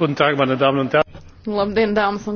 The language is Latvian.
Guten Tag, meine Damen und Herren. Labdien, dāmas un